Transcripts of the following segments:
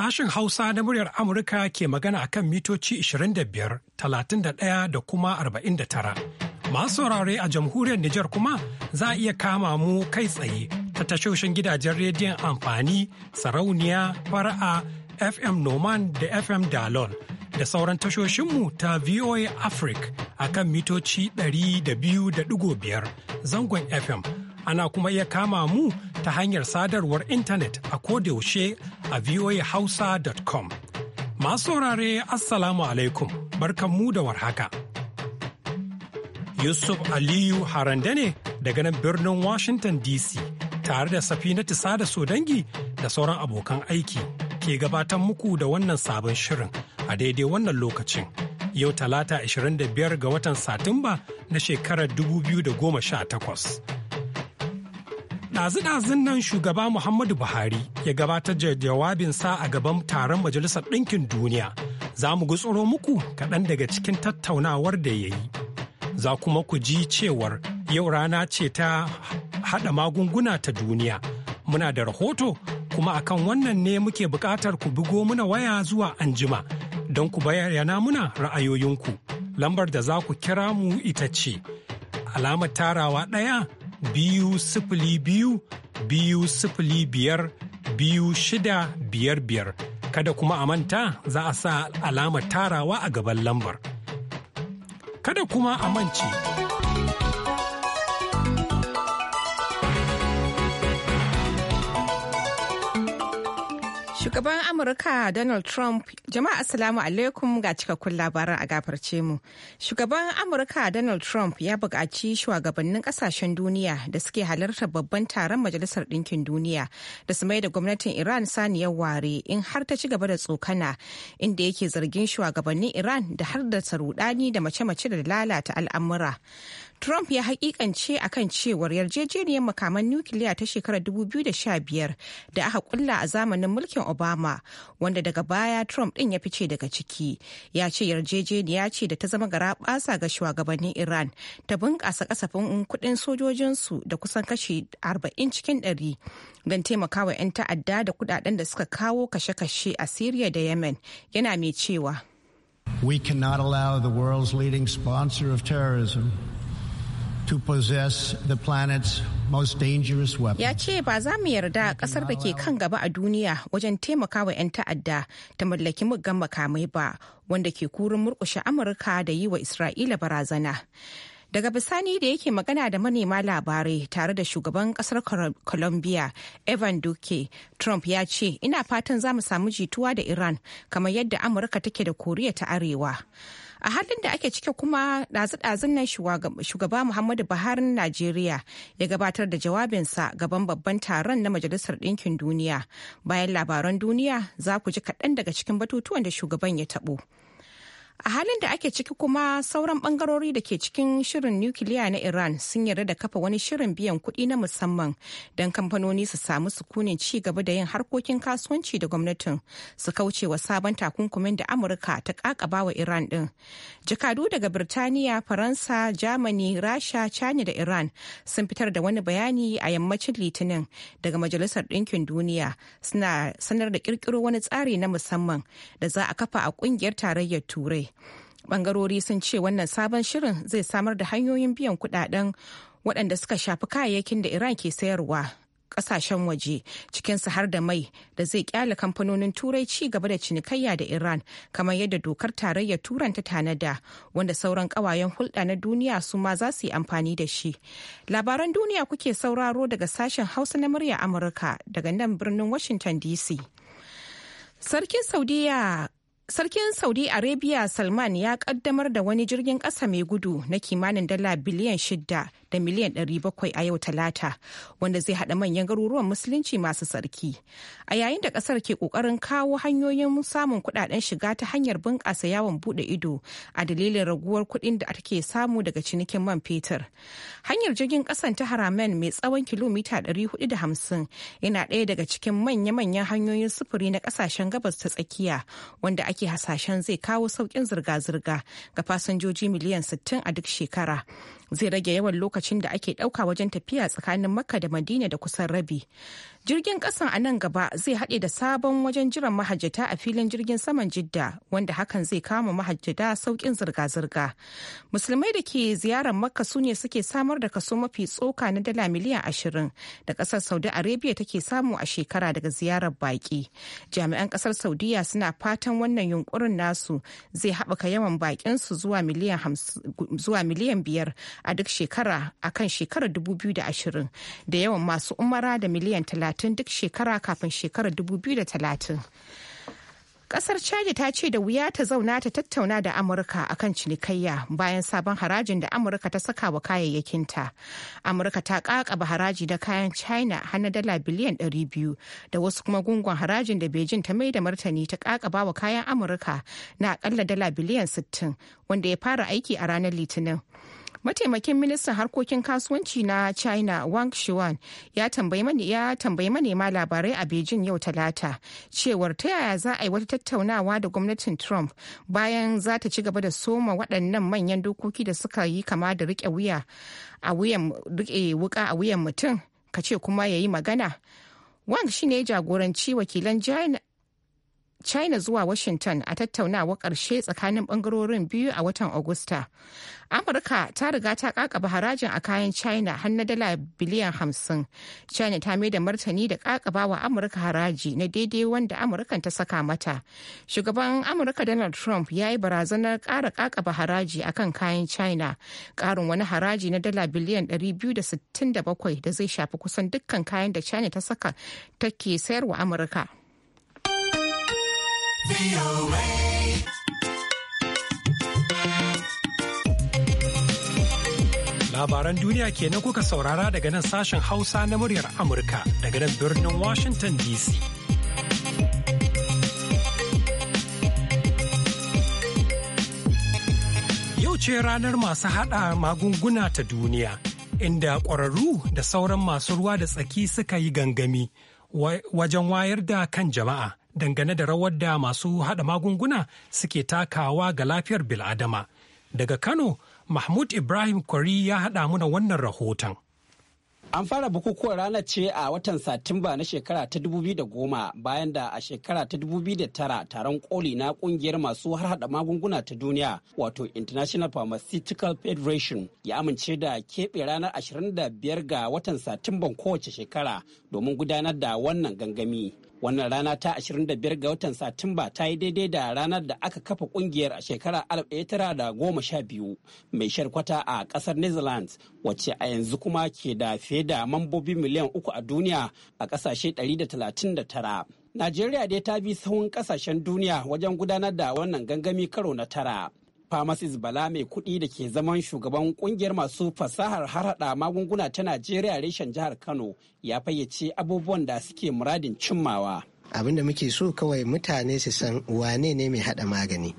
Sashen Hausa na muryar Amurka ke magana a kan mitoci 25, 31 da kuma 49. Masu saurare a jamhuriyar Nijar kuma za a iya kama mu kai tsaye ta tashoshin gidajen rediyon amfani, sarauniya, fara'a, FM Noman da FM Dalol da sauran tashoshinmu ta VOA Africa a kan mitoci 200.5 zangon FM. ana kuma iya kama mu ta hanyar sadarwar intanet a kodayaushe a voahausa.com. Masu saurare Assalamu alaikum, barkanmu da warhaka. Yusuf Aliyu Harande ne daga nan birnin Washington DC tare da Safinatu Sada Sodangi da sauran abokan aiki ke gabatar muku da wannan sabon shirin a daidai wannan lokacin. Yau talata 25 ga watan Satumba na shekarar 2018. Ɗazu-ɗazun nan shugaba Muhammadu Buhari ya gabatar da jawabinsa a gaban taron Majalisar Ɗinkin Duniya. Za mu gutsuro muku kaɗan daga cikin tattaunawar da ya yi. Za kuma ku ji cewar yau rana ce ta haɗa magunguna ta duniya. Muna da rahoto kuma akan wannan ne muke buƙatar ku bugo muna waya zuwa anjima don ku bayyana muna ra'ayoyinku. Lambar da za ku kira mu ita ce. Alamar tarawa ɗaya biyu sifili biyu biyu sifili biyar biyu shida biyar biyar kada kuma a manta za a sa alamar tarawa a gaban lambar kada kuma a mance Shugaban Amurka Donald Trump, jama'a Assalamu alaikum ga cikakkun labaran a gafarce mu. Shugaban Amurka Donald Trump ya buƙaci shugabannin ƙasashen duniya da suke halartar babban taron Majalisar Ɗinkin Duniya da su mai da gwamnatin Iran saniyar ware in har ta ci gaba da tsokana inda yake zargin shugabannin Iran da har da da mace-mace da lalata al'amura. Trump ya a kan cewar yarjejeniyar makaman nukiliya ta shekarar 2015 da aka kulla a zamanin mulkin Obama wanda daga baya Trump din ya fice daga ciki. Ya ce yarjejeniya ce da ta zama gara basa ga shugabannin Iran ta bunƙasa kasafin kuɗin sojojinsu da kusan kashi 40 cikin 100 don taimakawa 'yan ta'adda da kudaden da suka kawo kashe-kashe a Syria da Yemen yana mai cewa. We cannot allow the world's leading sponsor of terrorism to possess the planet's most dangerous weapon. Ya ce ba za mu yarda kasar da ke kan gaba a duniya wajen taimakawa 'yan ta'adda ta mallaki muggan makamai ba wanda ke kurin murkushe Amurka da yi wa Isra'ila barazana. Daga bisani da yake magana da manema labarai tare da shugaban kasar Colombia Evan Duque, Trump ya ce, "Ina fatan za mu samu jituwa da Iran kamar yadda Amurka take da Koriya ta Arewa." a halin da ake cike kuma ɗazu-ɗazun nan shugaba muhammadu buhari najeriya ya gabatar da jawabinsa gaban babban taron na majalisar ɗinkin duniya bayan labaran duniya za ku ji kaɗan daga cikin batutuwan da shugaban ya taɓo. A halin da ake ciki kuma sauran bangarori da ke cikin shirin nukiliya na Iran sun yarda da kafa wani shirin biyan kuɗi na musamman don kamfanoni su samu sukunin ci gaba da yin harkokin kasuwanci da gwamnatin su kauce wa sabon takunkumin da Amurka ta kakaba wa Iran din. Jakadu daga Birtaniya, Faransa, Germany, Rasha, China da Iran sun fitar da wani bayani a yammacin Litinin daga Majalisar Ɗinkin Duniya suna sanar da kirkiro wani tsari na musamman da za a kafa a ƙungiyar tarayyar Turai. Ɓangarori bangarori sun ce wannan sabon shirin zai samar da hanyoyin biyan kudaden waɗanda suka shafi kayayyakin da iran ke sayarwa ƙasashen waje cikin su har da mai da zai kyale kamfanonin turai ci gaba da cinikayya da iran kamar yadda dokar tarayyar turan ta tanada wanda sauran ƙawayen hulɗa na duniya su ma za su yi amfani da shi labaran duniya kuke sauraro daga sashen hausa na murya amurka daga nan birnin washington dc sarkin saudiya Sarkin Saudi Arabia Salman ya kaddamar da wani jirgin ƙasa mai gudu na kimanin dala biliyan shidda. da miliyan 700 a yau talata wanda zai haɗa manyan garuruwan musulunci masu sarki a yayin da ƙasar ke kokarin kawo hanyoyin samun kudaden shiga ta hanyar bunƙasa yawon bude ido a dalilin raguwar kuɗin da take samu daga cinikin man fetur hanyar jirgin ƙasan ta haramen mai tsawon kilomita 450 yana ɗaya daga cikin manya-manyan hanyoyin sufuri na kasashen gabas ta tsakiya wanda ake hasashen zai kawo sauƙin zirga-zirga ga fasinjoji miliyan 60 a duk shekara zai rage yawan lokacin da ake ɗauka wajen tafiya tsakanin makka da madina da kusan rabi jirgin kasan a nan gaba zai haɗe da sabon wajen jiran mahajjata a filin jirgin saman jidda wanda hakan zai kama mahajjata saukin zirga-zirga musulmai da ke ziyarar makka su ne suke samar da kaso mafi tsoka na dala miliyan ashirin da kasar saudi arabia take samu a shekara daga ziyarar baƙi jami'an kasar saudiya suna fatan wannan yunkurin nasu zai haɓaka yawan baƙin su zuwa miliyan biyar a duk shekara akan shekarar dubu ashirin da yawan masu umara da miliyan talatin tun duk shekara kafin shekarar 2030. Kasar Chadi ta ce da wuya ta zauna ta tattauna da Amurka akan cinikayya bayan sabon harajin da Amurka ta saka wa kayayyakinta. Amurka ta kakaba haraji da kayan China hana dala biliyan 200 da wasu kuma gungun harajin da Beijing ta mai da martani ta kakaba wa kayan Amurka na akalla dala biliyan 60 wanda ya fara aiki a ranar Litinin. mataimakin ministan harkokin kasuwanci na china wang shiwan ya tambayi manema labarai a beijing yau talata cewar ta yaya za a yi wata tattaunawa da gwamnatin trump bayan za ta ci gaba da soma waɗannan manyan dokoki da suka yi kama da rike wuya a wuyan wuka a wuyan mutum ka ce kuma ya yi magana wang shi ne jagoranci wakilan China zuwa Washington a tattaunawa ƙarshe tsakanin ɓangarorin biyu a watan Agusta. Amurka ta riga ta kakaba harajin a kayan China har na dala biliyan hamsin. China ta mai da martani da kakaba wa Amurka haraji na daidai wanda Amurkan ta saka mata. Shugaban Amurka Donald Trump ya yi barazanar ƙara kakaba haraji a kan kayan China. Ƙarin wani haraji na dala biliyan 267 da zai shafi kusan dukkan kayan da China ta saka take sayarwa Amurka. Labaran duniya kenan kuka saurara daga nan sashen Hausa na muryar Amurka daga nan birnin Washington DC. Yau ce ranar masu haɗa magunguna ta duniya, inda ƙwararru da sauran masu ruwa da tsaki suka yi gangami wajen wayar da kan jama'a dangane da rawar da masu haɗa magunguna suke takawa ga lafiyar bil'adama. Daga Kano, Mahmud Ibrahim Kwari ya haɗa muna wannan rahoton. An fara bukukuwar ranar ce a watan Satumba na shekara ta 2010 bayan da a shekara ta 2009 taron koli na kungiyar masu har harhaɗa magunguna ta duniya wato International Pharmaceutical Federation ya amince da keɓe ranar 25 ga watan Satumban kowace shekara domin gudanar da wannan gangami. Wannan rana ta 25 ga watan Satumba ta yi daidai da ranar da aka kafa kungiyar a shekara 1912 mai sharkwata a kasar Netherlands wacce a yanzu kuma ke da fiye da mambobi miliyan uku a duniya a kasashe 139. Najeriya dai ta bi sahun kasashen duniya wajen gudanar da wannan gangami karo na tara. Pharmacist Bala mai kuɗi da ke zaman shugaban kungiyar masu fasahar harhaɗa magunguna ta Najeriya reshen jihar Kano ya fayyace abubuwan da suke muradin cimmawa. abin da muke so kawai mutane su san wane ne mai hada magani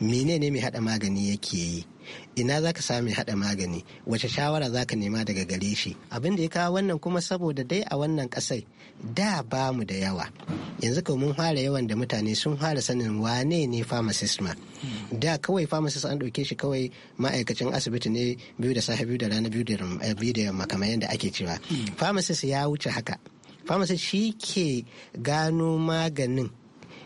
mene ne mai hada magani yake yi ina zaka ka sami hada magani wace shawara za ka nema daga gare shi abin da ya kawo wannan kuma saboda dai a wannan kasai da ba mu da yawa yanzu kawai mun fara yawan da mutane sun fara sanin wane ne pharmacist ma da kawai pharmacist an ɗauke shi kawai ma'aikacin asibiti ne biyu da safe biyu da rana biyu da eh, yamma kamar yadda ake cewa pharmacist ya wuce haka pharmacist shi ke gano maganin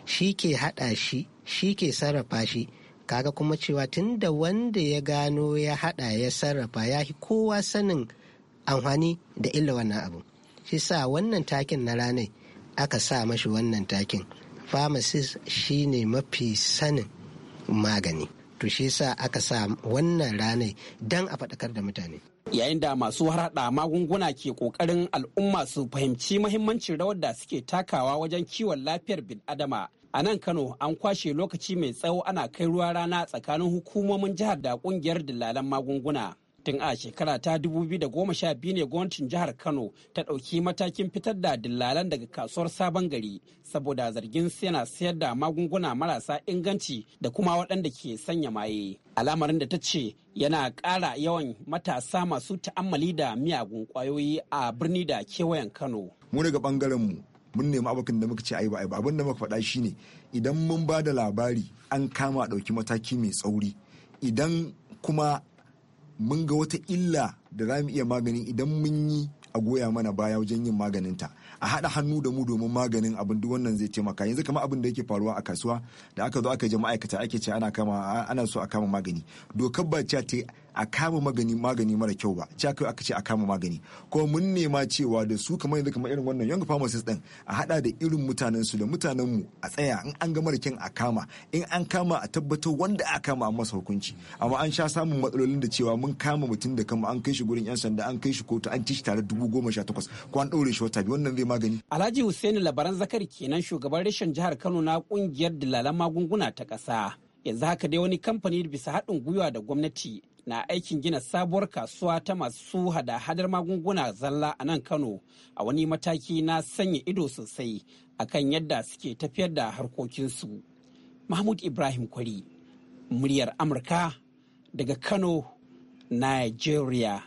shi ke haɗa shi shi ke sarrafa shi kaga kuma cewa tunda wanda ya gano ya haɗa ya sarrafa ya kowa sanin amfani da illa wannan abu shi sa wannan takin na ranar aka sa mashi wannan takin pharmacist shi ne mafi sanin magani to shi sa aka sa wannan ranar don a faɗakar da mutane yayin da masu harhaɗa magunguna ke ƙoƙarin al'umma su fahimci mahimmancin rawar da suke takawa wajen kiwon lafiyar adama, a nan kano an kwashe lokaci mai tsawo ana kai ruwa rana tsakanin hukumomin jihar da ƙungiyar dillalan magunguna tun a shekara ta 2012 ne gwamnatin jihar kano ta ɗauki matakin fitar da dillalan daga kasuwar sabon gari saboda zargin yana sayar da magunguna marasa inganci da kuma waɗanda ke sanya maye alamarin da ta ce yana ƙara yawan matasa masu ta'ammali da miyagun ƙwayoyi a birni da kewayen kano mu daga bangaren mu mun nemi abokin da muka ce ai ba ai ba abin da muka faɗa shine idan mun ba da labari an kama ɗauki mataki mai tsauri idan kuma mun ga wata illa da za mu iya magani idan mun yi a goya mana baya wajen yin maganinta a haɗa hannu da mu domin maganin abin duk wannan zai taimaka yanzu kamar abin da yake faruwa a kasuwa da aka zo aka je ma'aikata ake ce ana so a kama magani dokar ba ce ta a kama magani magani mara kyau ba ci aka aka ce a kama magani ko mun nema cewa da su kamar yanzu kamar irin wannan young pharmacist din a hada da irin mutanen su da mutanen mu a tsaya in an ga mara a kama in an kama a tabbatar wanda a kama a masa hukunci amma an sha samun matsalolin da cewa mun kama mutum da kama an kai shi gurin yan sanda an kai shi kotu an ci shi tare dubu goma sha takwas ko an daure shi wata biyu wannan zai magani. Alhaji Hussaini Labaran Zakari kenan shugaban rashin jihar Kano na kungiyar dalalan magunguna ta kasa yanzu haka dai wani kamfani bisa haɗin gwiwa da gwamnati na aikin gina sabuwar kasuwa ta masu hada-hadar magunguna zalla a nan Kano a wani mataki na sanya ido sosai akan yadda suke tafiyar da harkokinsu. Mahmud Ibrahim Kwari, muryar Amurka daga Kano, Nigeria.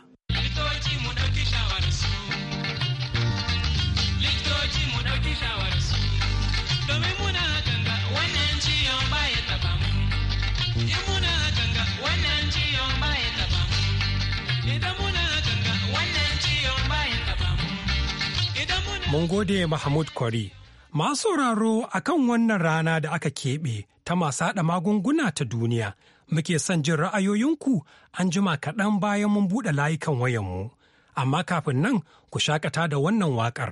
Mun gode Mahmud Kwari. Masu sauraro a kan wannan rana da aka keɓe ta masu haɗa magunguna ta duniya, muke son jin ra'ayoyinku an jima kaɗan bayan mun buɗe layukan wayanmu. Amma kafin nan ku shaƙata da wannan waƙar.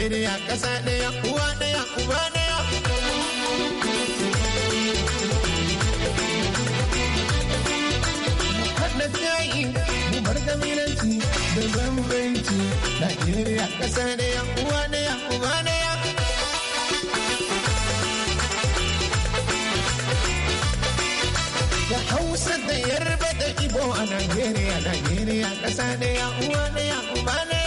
Najeriya ƙasa ɗaya uwa ɗaya uba ɗaya. Haɗa tsayi mu bar kabilanci da bambanci Najeriya ƙasa ɗaya uwa ɗaya uba ɗaya. Da Hausa da Yarba da Ibo a Najeriya, Najeriya ƙasa ɗaya uwa ɗaya uba ɗaya.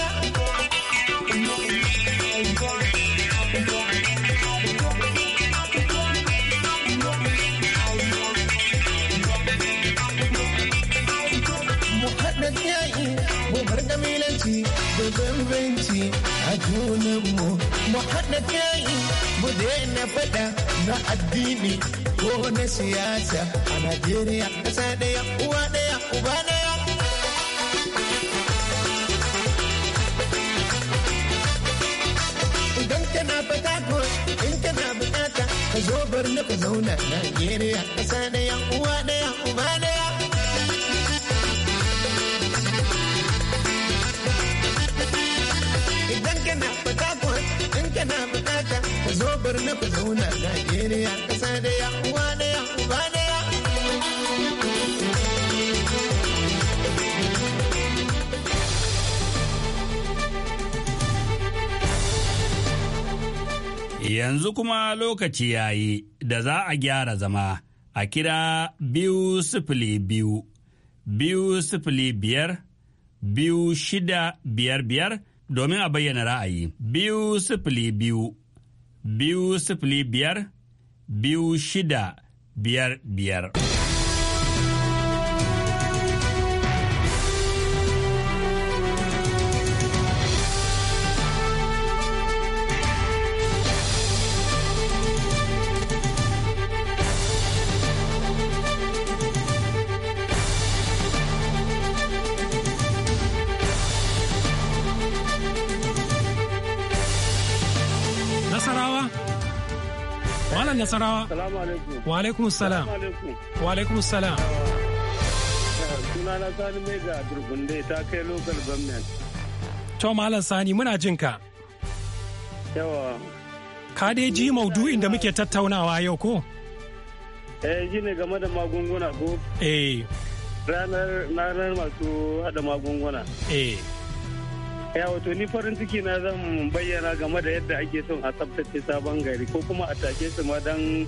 na faɗa na addini ko na siyasa a Najeriya ƙasa ɗaya uwa ɗaya uba ɗaya. Idan kana fata ko in kana bukata ka zo bar na ka zauna Najeriya ƙasa ɗaya uwa ɗaya uba ɗaya. bar na ku Najeriya ƙasa da ya da ya da ya. Yanzu kuma lokaci ya yi da za a gyara zama a kira biyu sifili biyu, biyu sifili biyar, biyu shida biyar biyar domin a bayyana ra'ayi. Biyu sifili biyu biyu sifili biyar biyu shida biyar biyar. Salamu alaikum. Wa alaikum salam. Wa alaikum salam. Sunana Sani Mega Durgunde ta kai local government. To Malam Sani muna jin ka. Yawa. Ka dai ji maudu'in da muke tattaunawa yau ko? Eh shi ne game da magunguna ko? Eh. Ranar masu hada magunguna. Eh. ya wato ni farin ciki na zan bayyana game da yadda ake son a tsaftace sabon gari ko kuma a take su ma don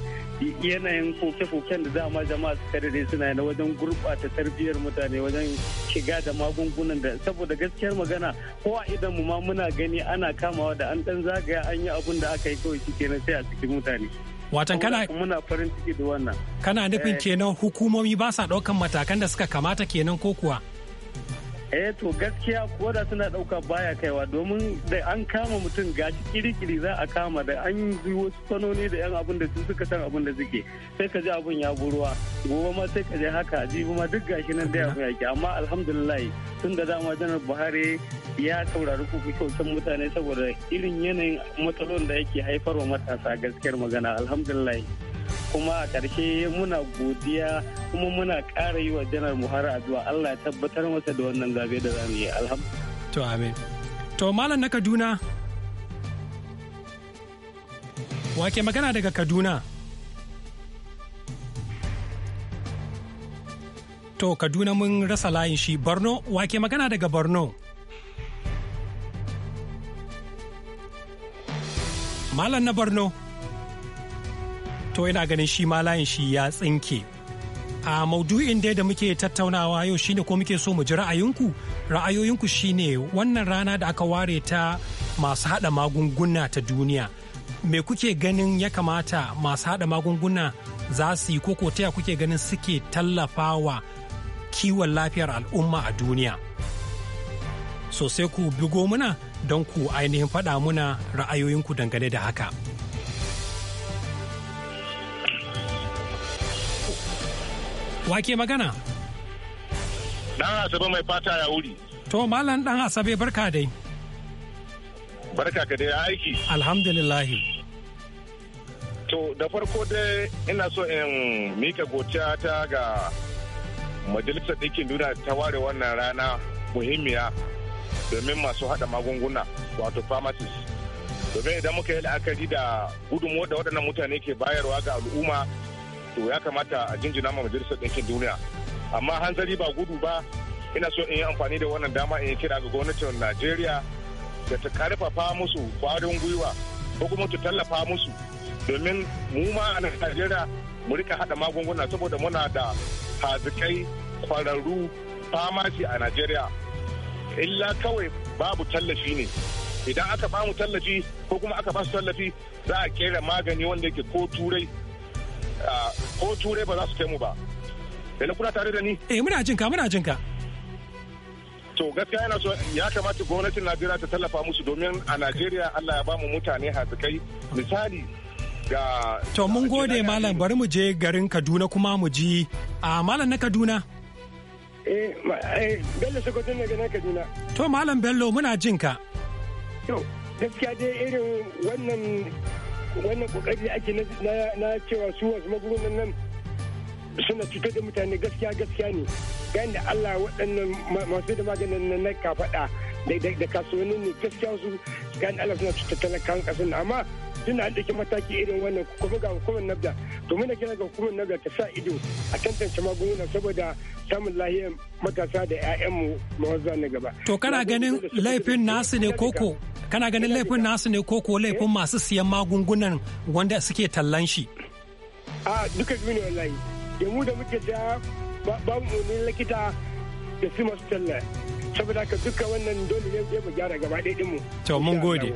yanayin koke-koken da dama jama'a suka dade suna na wajen gurɓata tarbiyyar mutane wajen shiga da magungunan da saboda gaskiyar magana ko a idan mu ma muna gani ana kamawa da an dan zagaya an yi abun da aka yi kawai shi kenan sai a cikin mutane watan kana muna farin ciki da wannan kana nufin eh. kenan hukumomi ba sa ɗaukan matakan da suka kamata kenan ko kuwa eh to gaskiya ko da suna ɗauka baya kaiwa domin da an kama mutum gashi kirikiri za a kama da an yi wasu fanoni da yan abin da su suka san abin da suke sai ka ji abin ya buruwa gobe ma sai ka je haka ji ma duk gashi nan da abin yake amma alhamdulillah tun da dama janar buhari ya saurari kukukin mutane saboda irin yanayin matsalolin da yake haifarwa matasa gaskiyar magana alhamdulillah kuma a ƙarshe muna godiya kuma muna ƙara yi wa janar muhara addu'a Allah ya tabbatar masa da wannan zabe da zamu yi alhamdu to amin to malam na Kaduna wake magana daga Kaduna to Kaduna mun rasa layin shi Borno wake magana daga Borno malam na Borno to yana ganin shi ma layin shi ya tsinke a maudu'in dai da muke tattaunawa yau shine ko muke so mu ji ra'ayinku ra'ayoyinku shine wannan rana da aka ware ta masu hada magunguna ta duniya me kuke ganin ya kamata masu hada magunguna za su yi koko taya kuke ganin suke tallafawa kiwon lafiyar al'umma a duniya sosai ku bigo muna don ku ainihin faɗa muna ra'ayoyinku dangane da haka. Wake magana? Dan Asabe mai fata ya wuri. To Malam Dan Asabe barka dai. Barka ka dai aiki. Alhamdulillah. To da farko dai ina so in mika godiya ta ga Majalisar Ɗinkin Duniya ta ware wannan rana muhimmiya domin masu haɗa magunguna wato pharmacies. Domin idan muka yi la'akari da gudunmuwa da waɗannan mutane ke bayarwa ga al'umma to ya kamata a jinjina ma majalisar ɗinkin duniya amma hanzari ba gudu ba ina so in yi amfani da wannan dama in kira ga gwamnatin najeriya da ta karfafa musu kwarin gwiwa ko kuma ta tallafa musu domin mu ma a najeriya mu rika haɗa magunguna saboda muna da hazikai kwararru famaci a najeriya illa kawai babu tallafi ne idan aka ba mu tallafi ko kuma aka ba su tallafi za a kera magani wanda yake ko turai Eh, ko turai ba za su kai mu ba da kuna tare da ni eh muna jinka muna jinka to gaskiya yana so ya kamata gwamnatin najeriya ta tallafa musu domin a najeriya allah ya ba mu mutane hasikai misali ga to mun gode malam bari mu je garin kaduna kuma mu ji a malam na kaduna eh, eh bello sokoto ne ga kaduna to malam bello muna jinka to gaskiya dai irin wannan wannan kokari ake na cewa su wasu magungunan nan suna cutar da mutane gaskiya gaskiya ne yayin da Allah waɗannan masu da maganin nan na kafaɗa daidai da kasuwannin ne gaskiya su gani ala suna cuta talakan kasan amma tun an ɗauki mataki irin wannan kuma ga hukumar nabda to muna kira ga hukumar nabda ta sa ido a tantance magunguna saboda samun lahiyar matasa da 'ya'yanmu mawaza na gaba. To kana ganin laifin nasu ne koko? Kana ganin laifin nasu ne koko laifin eh? masu siyan magungunan wanda suke tallan shi? A duka duniya wallahi. Da mu da muke da babu ne likita da su masu talla. saboda ka duka wannan dole ne mu gyara gaba ɗaya mu to mun gode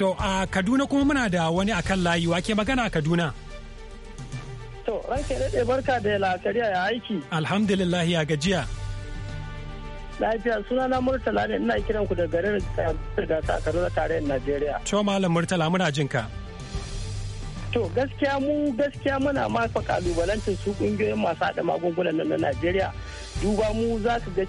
to a kaduna kuma muna da wani akan layi wa ke magana a kaduna to ke daɗe barka da lafiya ya aiki alhamdulillah ya gajiya lafiya suna na murtala ne ina kiran ku da garin eh, da a kaduna tarayyar najeriya to malam murtala muna jin ka to gaskiya mu gaskiya muna ma fa kalubalantar su kungiyoyin masu haɗa magungunan nan na najeriya duba mu za su ga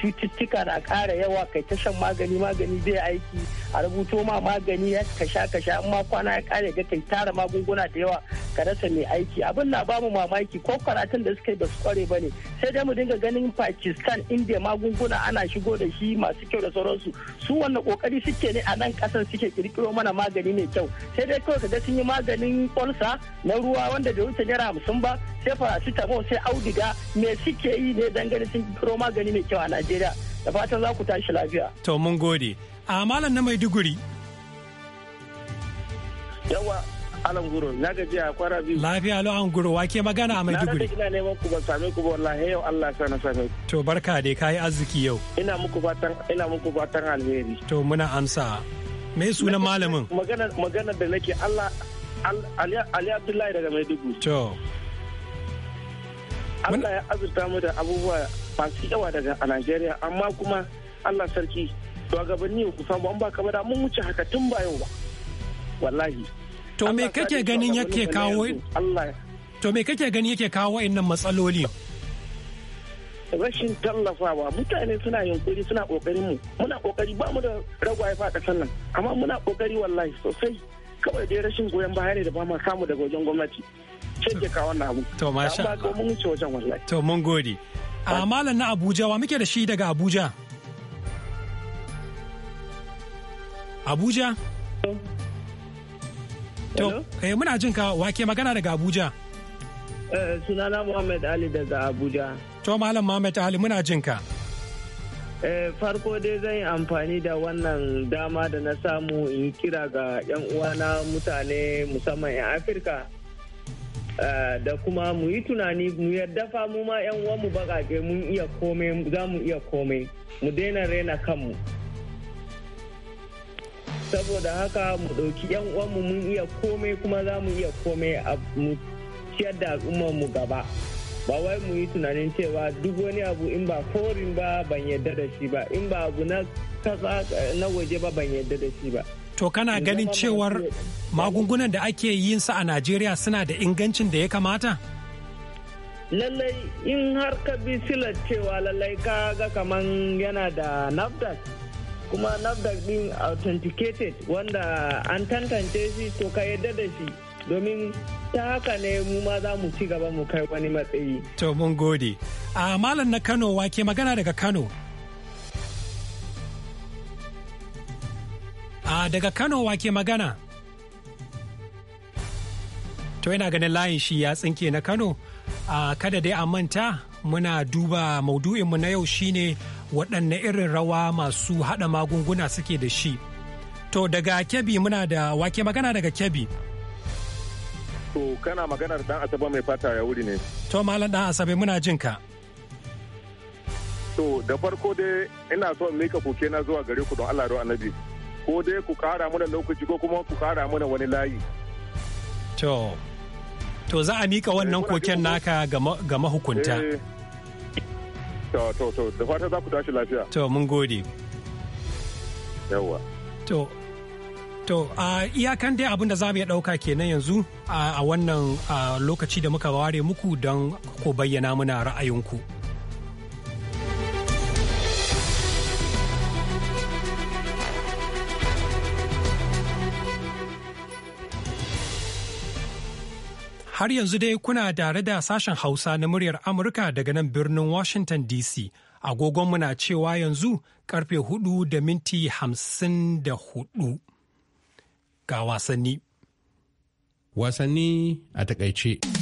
cututtuka na ƙara yawa kai ta shan magani magani zai aiki a rubuto ma magani ya ka sha ka sha amma kwana ya ƙare ga kai tara magunguna da yawa ka rasa mai aiki abin na bamu mamaki ko karatun da suka yi ba su kware ba ne sai dai mu dinga ganin pakistan india magunguna ana shigo da shi masu kyau da sauransu su wannan kokari suke ne a nan ƙasar suke kirkiro mana magani mai kyau sai dai kawai kaga sun yi maganin kwalsa na ruwa wanda da wuce naira hamsin ba sai farasitamol sai audiga me suke yi ne da wajen ganin sun turo magani mai kyau a Najeriya da fatan za ku tashi lafiya. To mun gode. A malam na Maiduguri. Yawa Alan Guro, na gaji a kwara biyu. Lafiya lo an Guro, wake magana a Maiduguri. Na ina neman ku ba same ku ba wallahi yau Allah sa na same ku. To barka dai kayi arziki yau. Ina muku fatan ina muku fatan alheri. To muna amsa. Me sunan malamin? Magana magana da nake Allah Ali Abdullahi daga Maiduguri. To. Allah ya azurta mu da abubuwa masu yawa daga a Najeriya amma kuma Allah sarki to shugabanni ku samu an ba ka da mun wuce haka tun ba yau ba wallahi to me kake ganin yake kawo to me kake ganin yake kawo wayannan matsaloli rashin tallafawa mutane suna yunkuri suna kokarin mu muna kokari ba mu da ragwaye fa kasan nan amma muna kokari wallahi sosai kawai dai rashin goyon baya ne da ba mu samu daga wajen gwamnati ce kawo wannan abu to masha Allah amma mun wuce wajen wallahi to mun gode a malam na Abuja wa muke da shi daga Abuja Abuja to eh muna jin ka wake magana daga Abuja eh sunana Muhammad Ali daga Abuja to malam Muhammad Ali muna jin ka eh, farko dai zan yi amfani da wannan dama da na samu in kira ga 'yan uwana mutane musamman 'yan afirka Eh, da kuma mu yi tunani mu yadda fa mu ma yan uwanmu bakake mun iya komai za mu iya komai mu daina raina kanmu saboda haka mu ɗauki yan uwanmu mun iya komai kuma za mu iya komai a mu ciyar da mu gaba ba wai mu yi tunanin cewa duk wani abu in ba forin ba ban yadda da shi ba in ba abu na kasa na waje ba ban yadda da shi ba to kana ganin cewar magungunan da ake yin su a najeriya suna da ingancin da ya kamata lallai in har ka bi silar cewa lallai ka ga kaman yana da nafdac kuma nafdac din authenticated wanda an tantance shi to ka yadda da shi domin ta haka ne mu ma za mu ci gaba mu kai wani matsayi to mun gode a malam na kano wake magana daga kano A daga Kano wake magana. To yana ganin layin shi ya tsinke na Kano. A kada dai a manta muna duba maudu'inmu na yau shine waɗanne irin rawa masu haɗa magunguna suke da shi. To daga Kebbi muna da wake magana daga Kebbi. To kana maganar dan Asabe mai fata ya wuri ne. To malam dan Asabe muna jin ka. To da farko dai ina so in mika koke na zuwa gare ku don Allah da Annabi. ko dai ku kara mana lokaci ko kuma ku kara mana wani layi. To, to za a mika wannan eh, koken naka ga mahukunta. Eh. To, to, to, da fata za ku tashi lafiya. To, mun gode. Yawwa. To, To a iyakan dai abin da za mu iya ɗauka kenan yanzu a wannan lokaci da muka ware muku don ko bayyana muna ra'ayinku. Har yanzu dai kuna tare da sashen Hausa na muryar Amurka daga nan birnin Washington DC. Agogonmu na cewa yanzu karfe hudu da minti hamsin da hudu ga wasanni. Wasanni a takaice.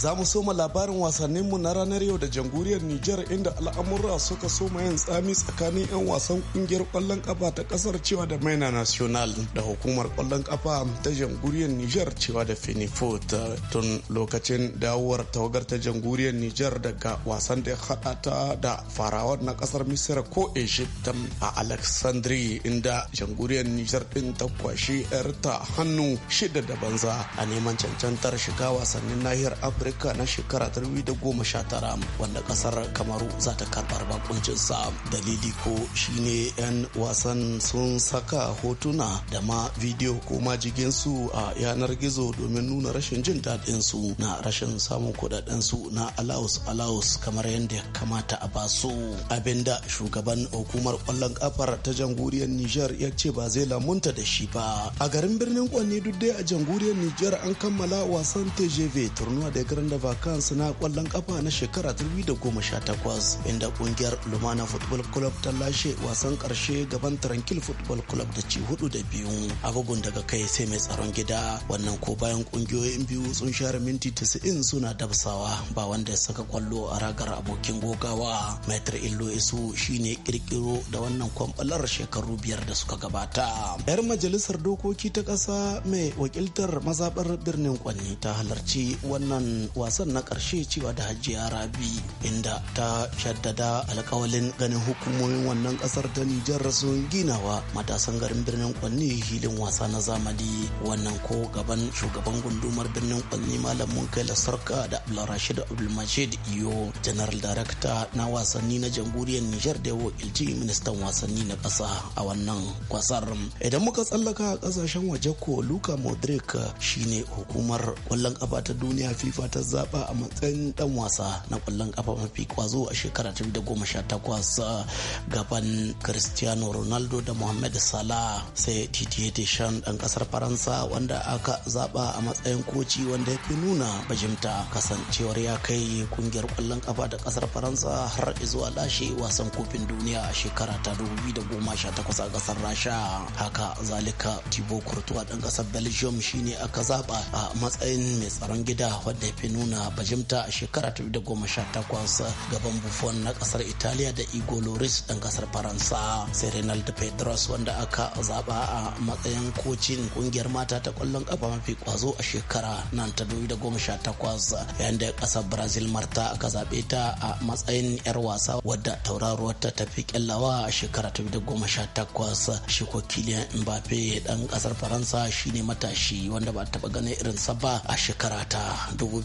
za mu soma labarin wasanninmu na ranar yau da jamhuriyar Nijar inda al'amura suka soma yin tsami tsakanin 'yan wasan kungiyar kwallon kafa ta kasar cewa da maina national da hukumar kwallon kafa ta jamhuriyar Nijar cewa da Fenifot tun lokacin dawowar tawagar ta jamhuriyar Nijar daga wasan da hada ta da farawar na kasar Misir ko Egypt a Alexandria inda jamhuriyar Nijar din ta kwashi 'yarta hannu shida da banza a neman cancantar shiga wasannin nahiyar Afirka Afirka na shekara 2019 wanda kasar Kamaru za ta karɓar bakuncinsa. Dalili ko shine 'yan wasan sun saka hotuna da ma bidiyo ko majiginsu a yanar gizo domin nuna rashin jin daɗinsu na rashin samun su na alaus alaus kamar yadda ya kamata a basu. Abinda shugaban hukumar kwallon kafar ta jamhuriyar Nijar ya ce ba zai lamunta da shi ba. A garin birnin Kwanne duk dai a jamhuriyar Nijar an kammala wasan TGV turnuwa da ya teburin da kansu na kwallon kafa na shekara 2018 inda kungiyar lumana football club ta lashe wasan karshe gaban tranquil football club da ci hudu da biyu a bugun daga kai sai mai tsaron gida wannan ko bayan kungiyoyin biyu sun share minti 90 suna dabsawa ba wanda ya saka kwallo a ragar abokin gogawa maitar illo isu shine kirkiro da wannan kwambalar shekaru biyar da suka gabata yar majalisar dokoki ta ƙasa mai wakiltar mazaɓar birnin kwanni ta halarci wannan wasan na ƙarshe cewa da hajiya rabi inda ta shaddada alkawalin ganin hukumomin wannan ƙasar ta nijar sun ginawa matasan garin birnin kwanni hilin wasa na zamani wannan ko gaban shugaban gundumar birnin kwanni malam munkaila sarka da abdulrashid abdulmajid iyo general director na wasanni na jamhuriyar nijar da wakilci ministan wasanni na ƙasa a wannan kwasar idan muka tsallaka kasashen waje ko luka modric shine hukumar kwallon kafa ta duniya fifa ta ta zaba a matsayin dan wasa na kwallon kafa mafi kwazo a shekara ta goma sha takwas gaban cristiano ronaldo da mohamed salah sai titi deschamps dan kasar faransa wanda aka zaba a matsayin koci wanda ya fi nuna bajimta kasancewar ya kai kungiyar kwallon kafa da kasar faransa har zuwa lashe wasan kofin duniya a shekara ta 2018 a kasar rasha haka zalika tibo courtois dan kasar belgium shine aka zaba a matsayin mai tsaron gida wanda ya fi nuna bajimta a shekara takwas gaban buffon na kasar italiya da igor loris dan kasar faransa sai renald pedros wanda aka zaba a matsayin kocin kungiyar mata ta kwallon kafa mafi kwazo a shekara nan ta takwas yayin da kasar brazil marta aka zabe ta a matsayin yar wasa wadda tauraruwar ta tafi kyallawa a shekara takwas shi ko kilian mbappe dan kasar faransa shine matashi wanda ba taba ganin irin sa ba a shekara ta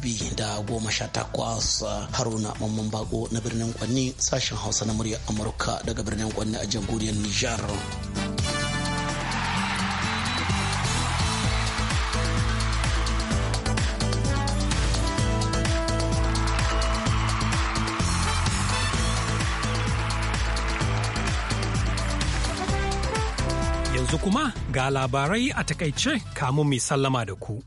Kebbi da goma sha takwas Haruna Mamman Bako na birnin Kwanni sashen Hausa na muryar Amurka daga birnin Kwanni a jamhuriyar Nijar. Yanzu kuma ga labarai a takaice kamun mai sallama da ku.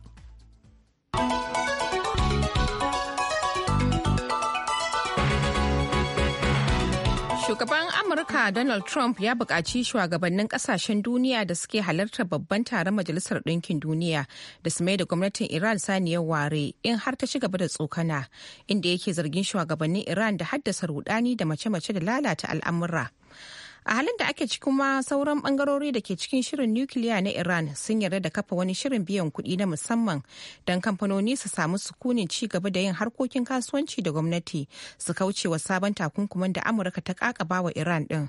Shugaban Amurka Donald Trump ya buƙaci shugabannin ƙasashen duniya da suke halartar babban taron Majalisar Ɗinkin Duniya da su mai da gwamnatin Iran saniyar ware in har ta ci gaba da tsokana, inda yake zargin shugabannin Iran da haddasa rudani da mace-mace da lalata al'amura. a halin da ake ciki kuma sauran bangarori da ke cikin shirin nukiliya na iran sun yarda da kafa wani shirin biyan kuɗi na musamman don kamfanoni su samu sukunin ci gaba da yin harkokin kasuwanci da gwamnati su kauce wa sabon takunkuman da amurka ta kakaba wa iran din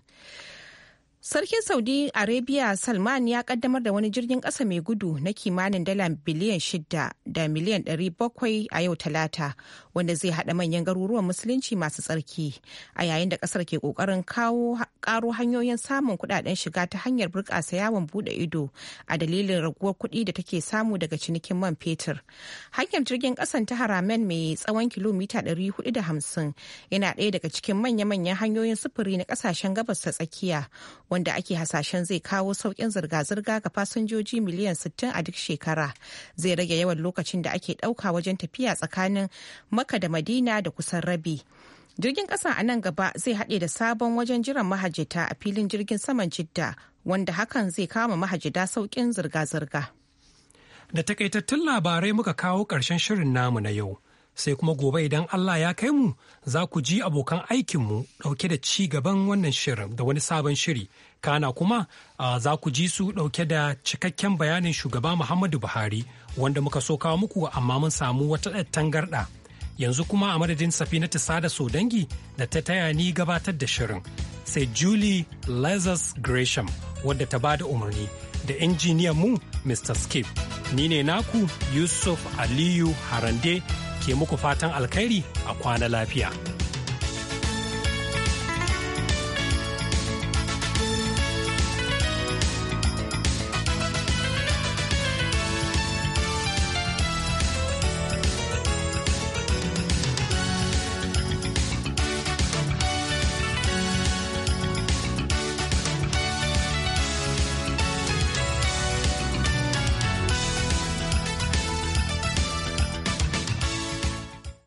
Sarkin Saudi Arabia Salman ya kaddamar da wani jirgin kasa mai gudu na kimanin dala biliyan shida da miliyan ɗari bakwai a yau talata wanda zai haɗa manyan garuruwan musulunci masu tsarki a yayin da ƙasar ke ƙoƙarin kawo ƙaro hanyoyin samun kuɗaɗen shiga ta hanyar burƙasa yawon buɗe ido a dalilin raguwar kuɗi da take samu daga cinikin man fetur. Hanyar jirgin ƙasan ta Haramen mai tsawon kilomita ɗari hudu da hamsin yana ɗaya daga cikin manya-manyan hanyoyin sufuri na ƙasashen gabas ta tsakiya wanda ake hasashen zai kawo sauƙin zirga-zirga ga fasinjoji miliyan 60 a duk shekara zai rage yawan lokacin da ake ɗauka wajen tafiya tsakanin maka da madina da kusan rabi jirgin ƙasa a nan gaba zai haɗe da sabon wajen jiran mahajjata a filin jirgin saman jidda wanda hakan zai kama mahajjata sauƙin zirga-zirga da takaitattun labarai muka kawo ƙarshen shirin namu na yau sai kuma gobe idan Allah ya kai mu za ku ji abokan aikinmu ɗauke da ci gaban wannan shirin da wani sabon shiri kana kuma za ku ji su ɗauke da cikakken bayanin shugaba Muhammadu Buhari wanda muka so kawo muku amma mun samu wata garɗa. Yanzu kuma a madadin Safinatu Sada Sodangi da ta taya ni gabatar da shirin sai Julie Lazarus Gresham wadda ta ba da umarni da injiniyan mu Mr. Skip. Ni ne naku Yusuf Aliyu Harande ke muku fatan alkhairi a kwana lafiya.